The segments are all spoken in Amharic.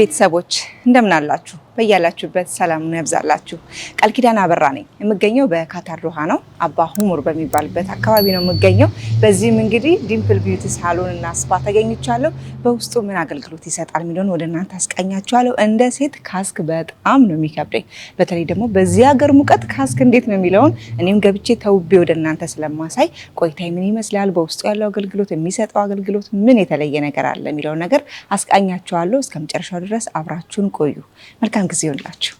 ቤተሰቦች እንደምን አላችሁ? በያላችሁበት ሰላሙን ያብዛላችሁ። ቃል ኪዳን አበራ ነኝ። የምገኘው በካታር ዶሃ ነው፣ አባ ሁሙር በሚባልበት አካባቢ ነው የምገኘው። በዚህም እንግዲህ ዲምፕል ቢዩቲ ሳሎን እና ስፓ ተገኝቻለሁ። በውስጡ ምን አገልግሎት ይሰጣል የሚለውን ወደ እናንተ አስቃኛችኋለሁ። እንደ ሴት ካስክ በጣም ነው የሚከብደኝ፣ በተለይ ደግሞ በዚህ ሀገር ሙቀት ካስክ እንዴት ነው የሚለውን እኔም ገብቼ ተውቤ ወደ እናንተ ስለማሳይ ቆይታ ምን ይመስላል፣ በውስጡ ያለው አገልግሎት፣ የሚሰጠው አገልግሎት ምን የተለየ ነገር አለ የሚለውን ነገር አስቃኛችኋለሁ። እስከ መጨረሻው ድረስ አብራችሁን ቆዩ። መልካም መልካም ጊዜ ይሁንላችሁ።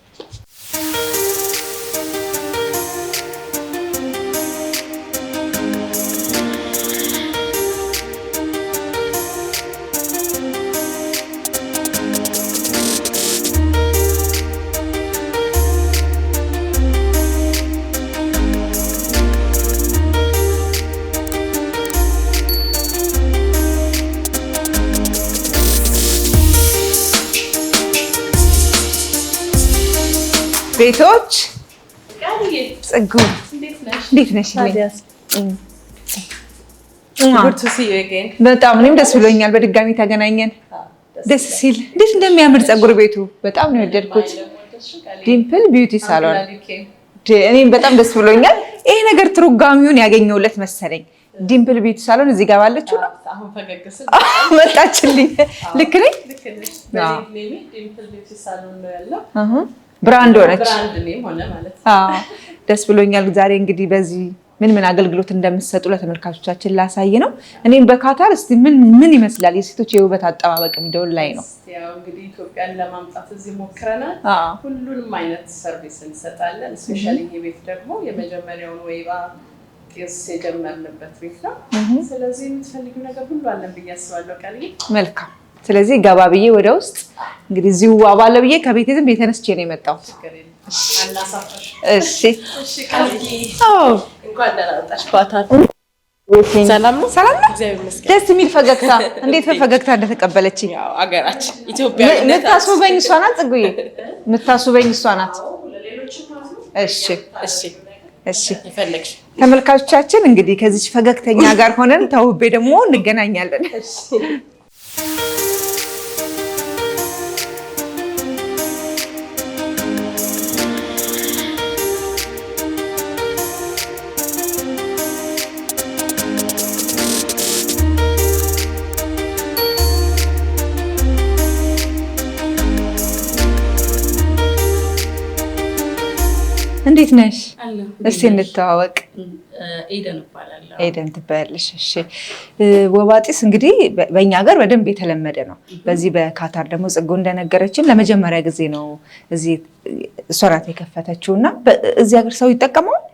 ቤቶች ጽጉ እንዴት ነሽ? በጣም እኔም ደስ ብሎኛል። በድጋሚ ተገናኘን ደስ ሲል እንዴት እንደሚያምር ፀጉር ቤቱ በጣም ነው የወደድኩት። ዲምፕል ቢዩቲ ሳሎን እኔም በጣም ደስ ብሎኛል። ይሄ ነገር ትርጓሚውን ያገኘውለት መሰለኝ። ዲምፕል ቢዩቲ ሳሎን እዚህ ጋር ባለችው ነው መጣችልኝ። ልክ ነኝ? ብራንድ ሆነች። ደስ ብሎኛል። ዛሬ እንግዲህ በዚህ ምን ምን አገልግሎት እንደምትሰጡ ለተመልካቾቻችን ላሳይ ነው። እኔም በካታር እስኪ ምን ምን ይመስላል የሴቶች የውበት አጠባበቅ የሚለውን ላይ ነው። እንግዲህ ኢትዮጵያን ለማምጣት እዚህ ሞክረናል። ሁሉንም አይነት ሰርቪስ እንሰጣለን። ስፔሻሊ ቤት ደግሞ የመጀመሪያውን ወይባ ቄስ የጀመርንበት ቤት ነው። ስለዚህ የምትፈልጊው ነገር ሁሉ አለን ብዬ አስባለሁ። ቀልይ መልካም ስለዚህ ገባ ብዬ ወደ ውስጥ እንግዲህ እዚሁ አባለ ብዬ ከቤቴ ዝም ነው የመጣሁት። ደስ የሚል ፈገግታ፣ እንዴት በፈገግታ እንደተቀበለች አገራችን እሷናት የምታስውበኝ እሷ ናት እሷ ናት። እሺ ተመልካቾቻችን እንግዲህ ከዚች ፈገግተኛ ጋር ሆነን ተውቤ ደግሞ እንገናኛለን። ነሽ? እስቲ እንተዋወቅ። ኤደን ትባያለሽ። እሺ፣ ወባጢስ እንግዲህ በእኛ ሀገር በደንብ የተለመደ ነው። በዚህ በካታር ደግሞ ጽጉ እንደነገረችን ለመጀመሪያ ጊዜ ነው እዚህ ሶራት የከፈተችው እና እዚህ ሀገር ሰው ይጠቀመዋል።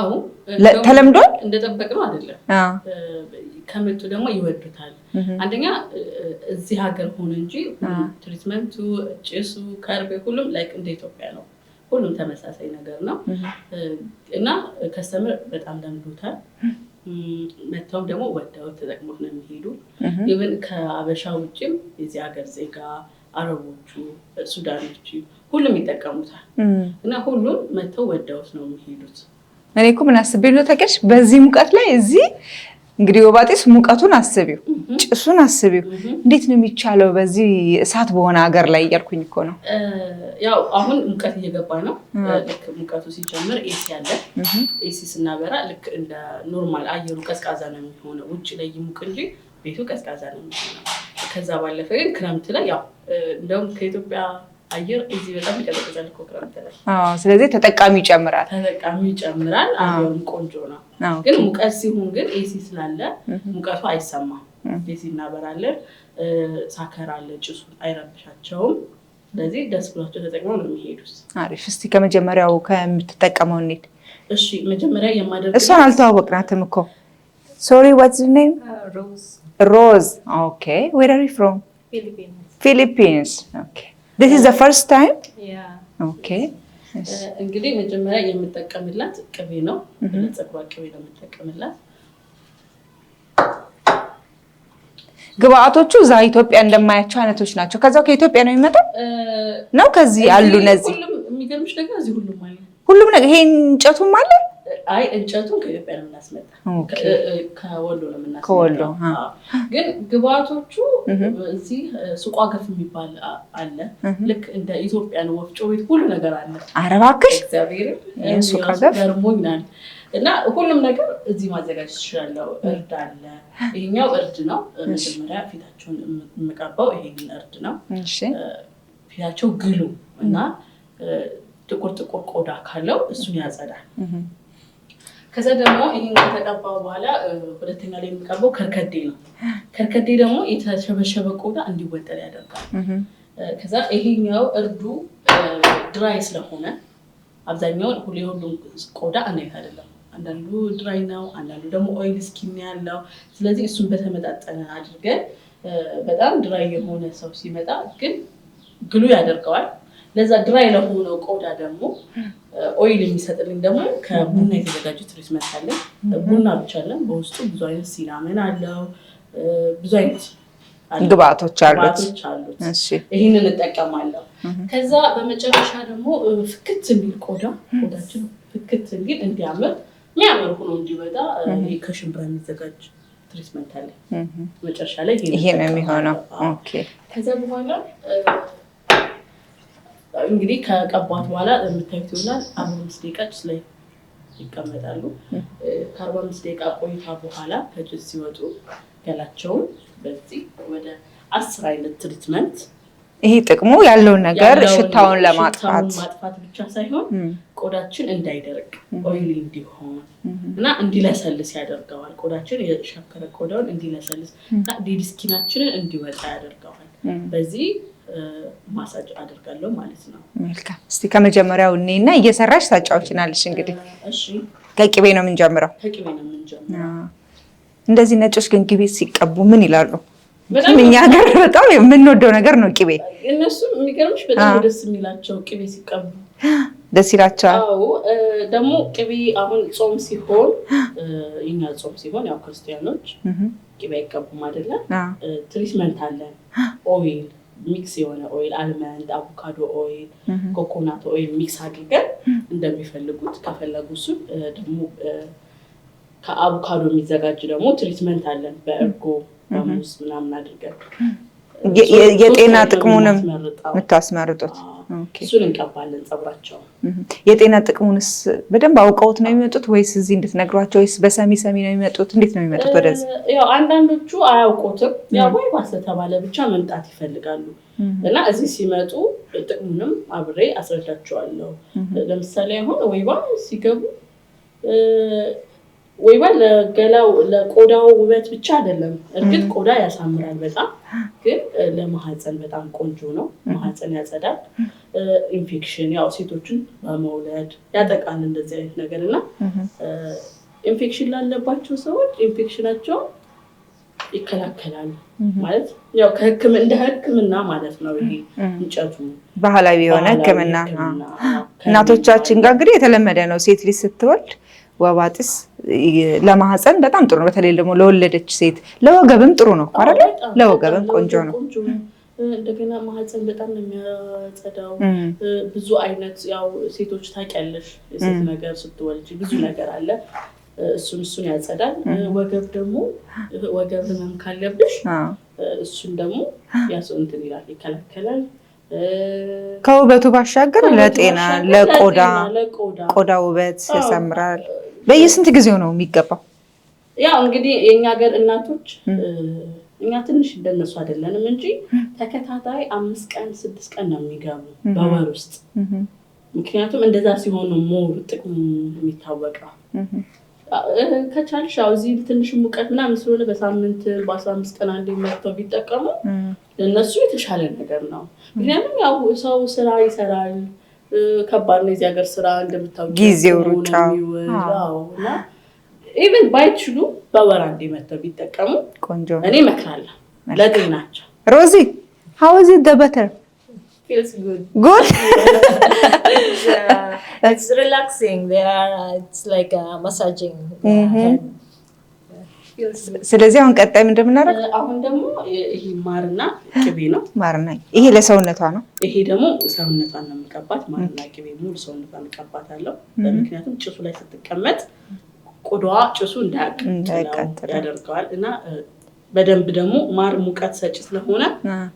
አዎ ተለምዷል። ነው አይደለም። ከመጡ ደግሞ ይወዱታል። አንደኛ እዚህ ሀገር ሆነ እንጂ ትሪትመንቱ፣ ጭሱ፣ ከርቤ ሁሉም ላይክ እንደ ኢትዮጵያ ነው። ሁሉም ተመሳሳይ ነገር ነው እና ከስተምር በጣም ለምዶታል። መጥተውም ደግሞ ወደው ተጠቅሞት ነው የሚሄዱ። ኢቨን ከአበሻ ውጭም የዚህ ሀገር ዜጋ አረቦቹ፣ ሱዳኖች ሁሉም ይጠቀሙታል እና ሁሉም መጥተው ወደውት ነው የሚሄዱት። እኔ እኮ ምን አስቤ ነው በዚህ ሙቀት ላይ እዚህ እንግዲህ ወባጤስ ሙቀቱን አስቢው፣ ጭሱን አስቢው። እንዴት ነው የሚቻለው በዚህ እሳት በሆነ ሀገር ላይ እያልኩኝ እኮ ነው። ያው አሁን ሙቀት እየገባ ነው። ልክ ሙቀቱ ሲጀምር ኤሲ አለ። ኤሲ ስናበራ ልክ እንደ ኖርማል አየሩ ቀዝቃዛ ነው የሚሆነው። ውጭ ላይ ይሙቅ እንጂ ቤቱ ቀዝቃዛ ነው የሚሆነው። ከዛ ባለፈ ግን ክረምት ላይ ያው እንደውም ከኢትዮጵያ አየር እዚህ በጣም ይቀዘቅዛል እኮ ክረምት ላይ። ስለዚህ ተጠቃሚ ይጨምራል፣ ተጠቃሚ ይጨምራል። አየሩም ቆንጆ ነው። ግን ሙቀት ሲሆን ግን ኤሲ ስላለ ሙቀቱ አይሰማም። ኤሲ እናበራለን፣ ሳከር አለ፣ ጭሱ አይረብሻቸውም። ስለዚህ ደስ ብሏቸው ተጠቅመው ነው የሚሄዱት። አሪፍ። እስቲ ከመጀመሪያው ከምትጠቀመው እንሂድ። እሺ፣ መጀመሪያ የማደርግ እሷን አልተዋወቅናትም እኮ ሶሪ ዋትስ ኔም ሮዝ ሮዝ። ኦኬ ዌር አር ዩ ፍሮም? ፊሊፒንስ ኦኬ ዲስ ኢዝ ዘ ፈርስት ታይም ኦኬ። እንግዲህ መጀመሪያ የምጠቀምላት ቅቤ ነው፣ ፀጉሯ mm-hmm. ቅቤ ነው የምጠቀምላት። ግብአቶቹ እዛ ኢትዮጵያ እንደማያቸው አይነቶች ናቸው። ከዛው ከኢትዮጵያ ነው የሚመጣው uh, ነው። ከዚህ አሉ እነዚህ ሁሉም ነገር ይሄ እንጨቱም አለ አይ እንጨቱን ከኢትዮጵያ ነው የምናስመጣ፣ ከወሎ ነው የምናስመጣ። ግን ግብአቶቹ እዚህ ሱቋ ገፍ የሚባል አለ። ልክ እንደ ኢትዮጵያ ነው ወፍጮ ቤት ሁሉ ነገር አለ። ኧረ እባክሽ እግዚአብሔር ገርሞኛል። እና ሁሉም ነገር እዚህ ማዘጋጀት ይችላለው። እርድ አለ። ይሄኛው እርድ ነው። መጀመሪያ ፊታቸውን የምቀባው ይሄንን እርድ ነው። ፊታቸው ግሉ እና ጥቁር ጥቁር ቆዳ ካለው እሱን ያጸዳል። ከዛ ደግሞ ይህን ከተቀባው በኋላ ሁለተኛ ላይ የሚቀባው ከርከዴ ነው። ከርከዴ ደግሞ የተሸበሸበ ቆዳ እንዲወጠር ያደርጋል። ከዛ ይሄኛው እርዱ ድራይ ስለሆነ አብዛኛውን ሁሌ ሁሉም ቆዳ እነት አይደለም። አንዳንዱ ድራይ ነው፣ አንዳንዱ ደግሞ ኦይል ስኪን ያለው። ስለዚህ እሱን በተመጣጠነ አድርገን በጣም ድራይ የሆነ ሰው ሲመጣ ግን ግሉ ያደርገዋል ለዛ ድራይ ለሆነው ቆዳ ደግሞ ኦይል የሚሰጥልኝ ደግሞ ከቡና የተዘጋጀ ትሪትመንት አለ። ቡና ብቻ አለን። በውስጡ ብዙ አይነት ሲናምን አለው፣ ብዙ አይነት ግብአቶች አሉት። ይህንን እንጠቀማለሁ። ከዛ በመጨረሻ ደግሞ ፍክት የሚል ቆዳ ቆዳችን ፍክት እንዲል እንዲያምር የሚያምር ሆኖ እንዲበጣ ከሽንብራ የሚዘጋጅ ትሪትመንት አለ። መጨረሻ ላይ ይሄ የሚሆነው ከዛ በኋላ እንግዲህ ከቀባት በኋላ የምታዩት ይሆናል። አርባ አምስት ደቂቃ ጭስ ላይ ይቀመጣሉ። ከአርባ አምስት ደቂቃ ቆይታ በኋላ ከጭስ ሲወጡ ገላቸውን በዚህ ወደ አስር አይነት ትሪትመንት ይሄ ጥቅሙ ያለውን ነገር ሽታውን ለማጥፋት ማጥፋት ብቻ ሳይሆን ቆዳችን እንዳይደርቅ ኦይሊ እንዲሆን እና እንዲለሰልስ ያደርገዋል። ቆዳችን የሻከረ ቆዳውን እንዲለሰልስ ዴድ ስኪናችንን እንዲወጣ ያደርገዋል። በዚህ ማሳጅ አድርጋለሁ ማለት ነው። መልካም። እስቲ ከመጀመሪያው እኔና እየሰራሽ ታጫውችናለሽ። እንግዲህ ከቅቤ ነው የምንጀምረው። ከቅቤ ነው የምንጀምረው። እንደዚህ ነጮች ግን ቅቤ ሲቀቡ ምን ይላሉ? እኛ ሀገር በጣም የምንወደው ነገር ነው ቅቤ። እነሱም የሚገርምሽ በጣም ደስ የሚላቸው ቅቤ ሲቀቡ ደስ ይላቸዋል። ደግሞ ቅቤ አሁን ጾም ሲሆን የኛ ጾም ሲሆን ያው ክርስቲያኖች ቅቤ አይቀቡም አይደለም። ትሪትመንት አለን ኦይል ሚክስ የሆነ ኦይል አልመንድ፣ አቮካዶ ኦይል፣ ኮኮናት ኦይል ሚክስ አድርገን እንደሚፈልጉት ከፈለጉ እሱ ደግሞ ከአቮካዶ የሚዘጋጅ ደግሞ ትሪትመንት አለን በእርጎ በሙዝ ምናምን አድርገን የጤና ጥቅሙንም የምታስመርጡት እሱ ልንቀባለን ጸጉራቸው። የጤና ጥቅሙንስ በደንብ አውቀውት ነው የሚመጡት ወይስ እዚህ እንድትነግሯቸው ወይስ በሰሚ ሰሚ ነው የሚመጡት? እንዴት ነው የሚመጡት ወደዚህ? ያው አንዳንዶቹ አያውቁትም። ያው ወይ ባስተተባለ ብቻ መምጣት ይፈልጋሉ እና እዚህ ሲመጡ ጥቅሙንም አብሬ አስረዳቸዋለሁ። ለምሳሌ አሁን ወይባ ሲገቡ ወይባ ለገላው ለቆዳው ውበት ብቻ አይደለም። እርግጥ ቆዳ ያሳምራል በጣም ግን ለማህፀን በጣም ቆንጆ ነው። ማህፀን ያጸዳል። ኢንፌክሽን ያው ሴቶችን በመውለድ ያጠቃል እንደዚህ አይነት ነገር እና ኢንፌክሽን ላለባቸው ሰዎች ኢንፌክሽናቸው ይከላከላል ማለት ያው ከሕክምና እንደ ህክምና ማለት ነው። ይሄ እንጨቱ ባህላዊ የሆነ ህክምና እናቶቻችን ጋር እንግዲህ የተለመደ ነው። ሴት ልጅ ስትወልድ ወባ ጢስ ለማህፀን በጣም ጥሩ ነው። በተለይ ደግሞ ለወለደች ሴት ለወገብም ጥሩ ነው አይደለ? ለወገብም ቆንጆ ነው። እንደገና ማህፀን በጣም ነው የሚያጸዳው። ብዙ አይነት ያው ሴቶች ታውቂያለሽ፣ የሴት ነገር ስትወልጅ ብዙ ነገር አለ። እሱን እሱን ያጸዳል። ወገብ ደግሞ ወገብ ህመም ካለብሽ እሱን ደግሞ ያሰንትን ይላል፣ ይከላከላል። ከውበቱ ባሻገር ለጤና ለቆዳ ቆዳ ውበት ያሳምራል። በየስንት ጊዜው ነው የሚገባው? ያው እንግዲህ የእኛ ሀገር እናቶች እኛ ትንሽ እንደነሱ አይደለንም እንጂ ተከታታይ አምስት ቀን ስድስት ቀን ነው የሚገቡ በወር ውስጥ። ምክንያቱም እንደዛ ሲሆኑ ሞር ጥቅሙ የሚታወቀው ከቻልሽ ያው እዚህ ትንሽ ሙቀት ምናምን ስለሆነ በሳምንት በአስራ አምስት ቀን አንዴ መርተው ቢጠቀሙ እነሱ የተሻለ ነገር ነው። ምክንያቱም ያው ሰው ስራ ይሰራል ከባድ ነው የዚህ ሀገር ስራ እንደምታውቂው፣ ጊዜው ሩጫ እና ኢቨን ባይችሉ በበራንዴ መተው ቢጠቀሙ ቆንጆ እኔ እመክራለሁ ለጤናቸው። ሮዚ ሃው ኢዝ ኢት ዘ በተር ስለዚህ አሁን ቀጣይ ምንድን የምናደርግ አሁን ደግሞ ይሄ ማርና ቅቤ ነው። ማርና ይሄ ለሰውነቷ ነው። ይሄ ደግሞ ሰውነቷን ነው የምቀባት። ማርና ቅቤ ሙሉ ሰውነቷን እቀባታለሁ። ምክንያቱም ጭሱ ላይ ስትቀመጥ ቆዳዋ ጭሱ እንዳያቃጥል ያደርገዋል እና በደንብ ደግሞ ማር ሙቀት ሰጭ ስለሆነ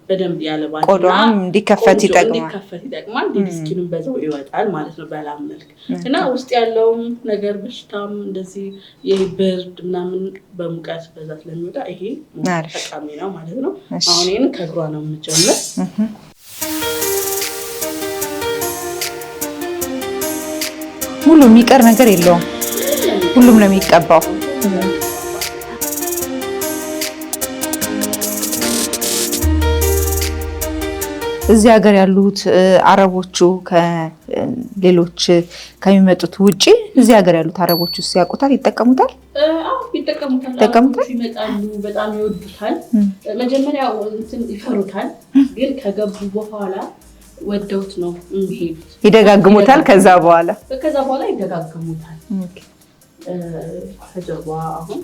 በደንብ ያለባል፣ ቆዳም እንዲከፈት ይጠቅማል፣ ዴድ በዛው ይወጣል ማለት ነው በላም መልክ እና ውስጥ ያለውም ነገር በሽታም እንደዚህ ይህ ብርድ ምናምን በሙቀት በዛ ስለሚወጣ ይሄ ጠቃሚ ነው ማለት ነው። አሁን ይህን ከእግሯ ነው የምንጀምር። ሙሉ የሚቀር ነገር የለውም፣ ሁሉም ነው የሚቀባው። እዚህ ሀገር ያሉት አረቦቹ ከሌሎች ከሚመጡት ውጭ እዚህ ሀገር ያሉት አረቦቹ ውስጥ ያውቁታል፣ ይጠቀሙታል ይጠቀሙታል፣ ይመጣሉ፣ በጣም ይወዱታል። መጀመሪያ ይፈሩታል፣ ግን ከገቡ በኋላ ወደውት ነው የሚሄዱት። ይደጋግሙታል። ከዛ በኋላ ከዛ በኋላ ይደጋግሙታል። ከጀርባ አሁን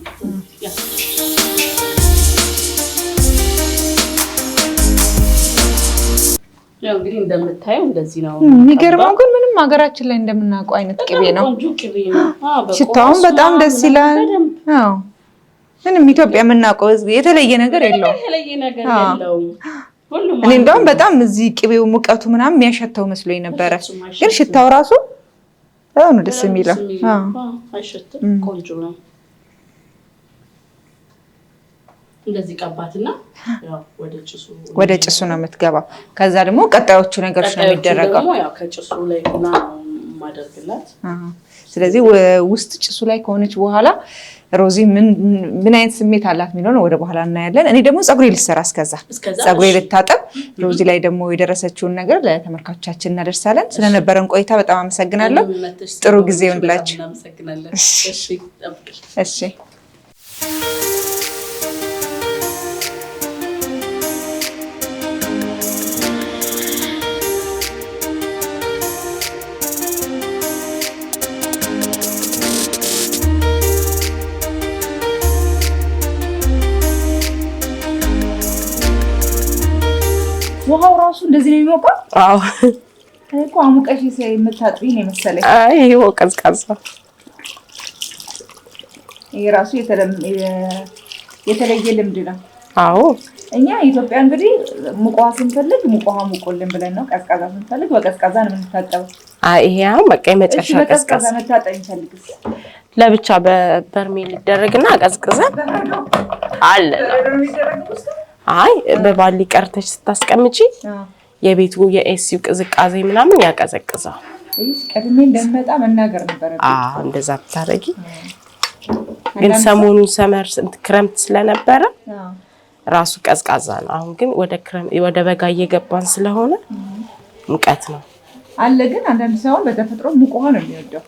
ያው እንግዲህ እንደምታየው እንደዚህ ነው። የሚገርመው ግን ምንም ሀገራችን ላይ እንደምናውቀው አይነት ቅቤ ነው። ሽታውን በጣም ደስ ይላል። ምንም ኢትዮጵያ የምናውቀው የተለየ ነገር የለውም። እኔ እንደውም በጣም እዚህ ቅቤው ሙቀቱ ምናምን የሚያሸተው መስሎኝ ነበረ፣ ግን ሽታው ራሱ በጣም ደስ የሚለው። ቆንጆ ነው። እንደዚህ ቀባትና ወደ ጭሱ ነው የምትገባው። ከዛ ደግሞ ቀጣዮቹ ነገሮች ነው የሚደረገው። ከጭሱ ላይ ሆና ማደርግላት። ስለዚህ ውስጥ ጭሱ ላይ ከሆነች በኋላ ሮዚ ምን አይነት ስሜት አላት የሚለውን ወደ በኋላ እናያለን። እኔ ደግሞ ፀጉሬ ልሰራ እስከዛ ፀጉሬ ልታጠብ፣ ሮዚ ላይ ደግሞ የደረሰችውን ነገር ለተመልካቾቻችን እናደርሳለን። ስለነበረን ቆይታ በጣም አመሰግናለሁ። ጥሩ ጊዜ ይሁንላችሁ። እሺ። አዎ እኮ አሙቀሽ የምታጥቢ ነው የመሰለኝ። አይ ቀዝቃዛ የተለየ ልምድ ነው። አዎ እኛ ኢትዮጵያ እንግዲህ ሙቅ ስንፈልግ ሙቋ ሙቁልን ብለን ነው፣ ቀዝቃዛ ስንፈልግ በቀዝቃዛ ነው የምንታጠበው። ይሄ አሁን በቃ የመጨረሻ ቀዝቃዛ መታጠብ ለብቻ በበርሜል ይደረግና ቀዝቅዘን አለ። አይ በባሊ ቀርተሽ ስታስቀምጪ የቤቱ የኤሲው ቅዝቃዜ ምናምን ያቀዘቅዛል። ቀድሜ እንደምመጣ መናገር ነበረ። እንደዛ ብታረጊ ግን ሰሞኑን ሰመር ክረምት ስለነበረ ራሱ ቀዝቃዛ ነው። አሁን ግን ወደ በጋ እየገባን ስለሆነ ሙቀት ነው አለ። ግን አንዳንድ ሰው በተፈጥሮ ሙቅ ውሃ ነው የሚወደው።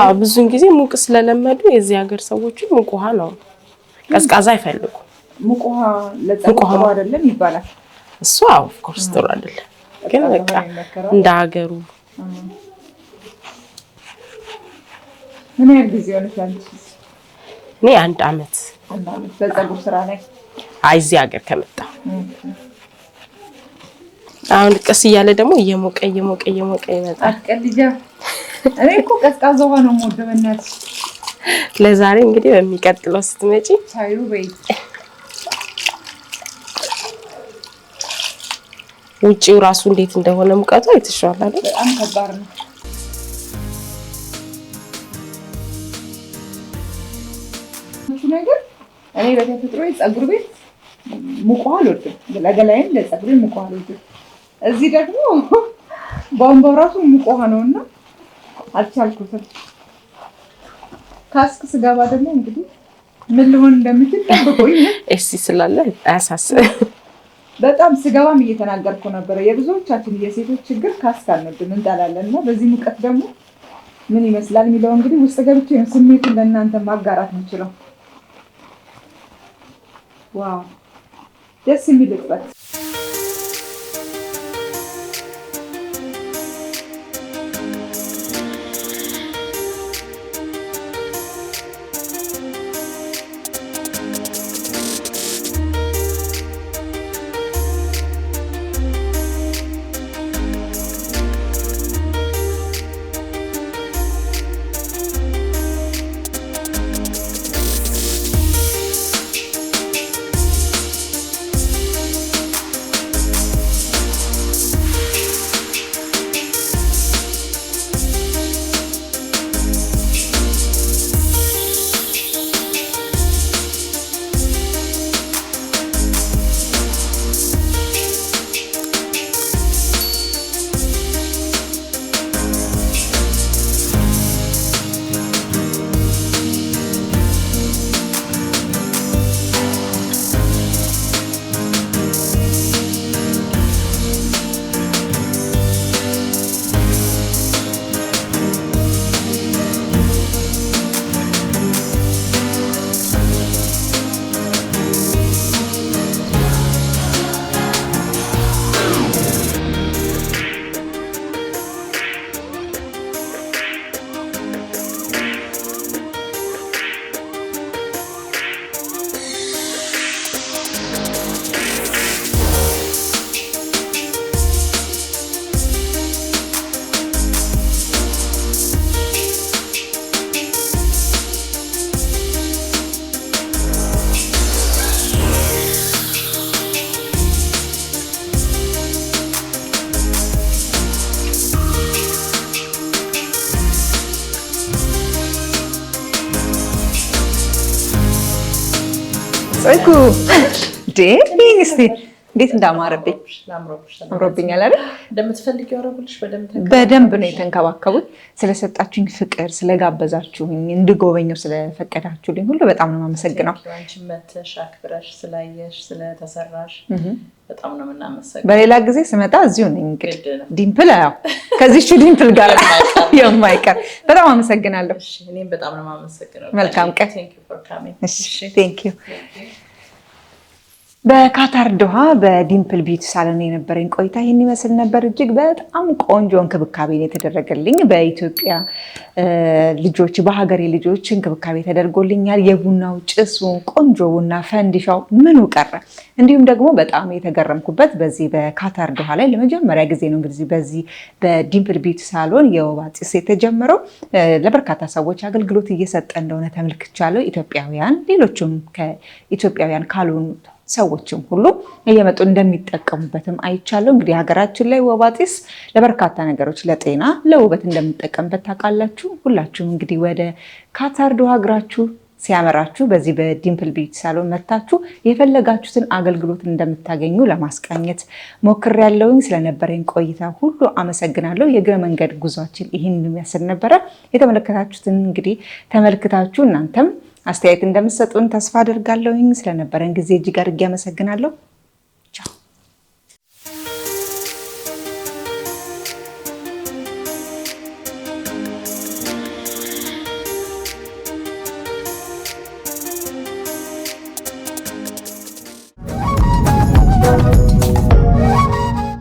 አዎ ብዙን ጊዜ ሙቅ ስለለመዱ የዚህ ሀገር ሰዎችን ሙቅ ውሃ ነው፣ ቀዝቃዛ አይፈልጉም። ሙቅ ውሃ ለጸጉር አይደለም ይባላል እሱ ኦፍኮርስ ጥሩ አይደለም፣ ግን በቃ እንደ ሀገሩ እኔ አንድ አመት በፀጉር ስራ ላይ አይ እዚህ ሀገር ከመጣ አሁን ቀስ እያለ ደግሞ እየሞቀ እየሞቀ እየሞቀ ይመጣል። እኔ እኮ ቀዝቃዛ ውሃ ነው የምወደው ለዛሬ እንግዲህ በሚቀጥለው ስትመጪ ቻዩ በይ ውጪው ራሱ እንዴት እንደሆነ ሙቀቱ አይተሽዋል አይደል? በጣም ከባድ ነው። ነገር እኔ በተፈጥሮ ፀጉር ቤት ሙቀ አልወድም፣ ለገላይም ለፀጉር ሙቀ አልወድም። እዚህ ደግሞ ቧንቧ ራሱ ሙቀ ነው እና አልቻልኩትም። ካስክ ስገባ ደግሞ እንግዲህ ምን ልሆን እንደምችል ጠብቆኝ እስቲ ስላለ አያሳስብ በጣም ስገባም እየተናገርኩ ነበረ። የብዙዎቻችን የሴቶች ችግር ካስክ አንወድም እንጠላለን እና በዚህ ሙቀት ደግሞ ምን ይመስላል የሚለው እንግዲህ ውስጥ ገብቼ ነው ስሜቱን ለእናንተ ማጋራት የምችለው። ዋው ደስ የሚል እንዴ እስቲ እንዴት እንዳማረብኝ አምሮብኛል አይደል? በደንብ ነው የተንከባከቡት። ስለሰጣችሁኝ ፍቅር፣ ስለጋበዛችሁኝ፣ እንድጎበኘው ስለፈቀዳችሁልኝ ሁሉ በጣም ነው የማመሰግነው። በሌላ ጊዜ ስመጣ እዚሁ ነኝ። እንግዲህ ዲምፕል ያው ከዚህ ዲምፕል ጋር የማይቀር በጣም አመሰግናለሁ። መልካም ቀን። በካታር ዶሃ በዲምፕል ቢዩቲ ሳሎን የነበረኝ ቆይታ ይህን ይመስል ነበር። እጅግ በጣም ቆንጆ እንክብካቤ የተደረገልኝ በኢትዮጵያ ልጆች በሀገሬ ልጆች እንክብካቤ ተደርጎልኛል። የቡናው ጭሱ፣ ቆንጆ ቡና ፈንዲሻው፣ ምኑ ቀረ። እንዲሁም ደግሞ በጣም የተገረምኩበት በዚህ በካታር ዶሃ ላይ ለመጀመሪያ ጊዜ ነው እንግዲህ በዚህ በዲምፕል ቢዩቲ ሳሎን የወባ ጭስ የተጀመረው ለበርካታ ሰዎች አገልግሎት እየሰጠ እንደሆነ ተመልክቻለሁ። ኢትዮጵያውያን ሌሎችም ከኢትዮጵያውያን ካልሆኑ ሰዎችም ሁሉ እየመጡ እንደሚጠቀሙበትም አይቻለሁ። እንግዲህ ሀገራችን ላይ ወባ ጢስ ለበርካታ ነገሮች ለጤና፣ ለውበት እንደምንጠቀምበት ታውቃላችሁ። ሁላችሁም እንግዲህ ወደ ካታርዶ ሀገራችሁ ሲያመራችሁ በዚህ በዲምፕል ቢዩቲ ሳሎን መታችሁ የፈለጋችሁትን አገልግሎት እንደምታገኙ ለማስቃኘት ሞክር ያለውኝ ስለነበረኝ ቆይታ ሁሉ አመሰግናለሁ። የእግረ መንገድ ጉዟችን ይህን የሚያስል ነበረ። የተመለከታችሁትን እንግዲህ ተመልክታችሁ እናንተም አስተያየት እንደምትሰጡን ተስፋ አድርጋለሁኝ። ስለነበረን ጊዜ እጅግ አድርጌ አመሰግናለሁ።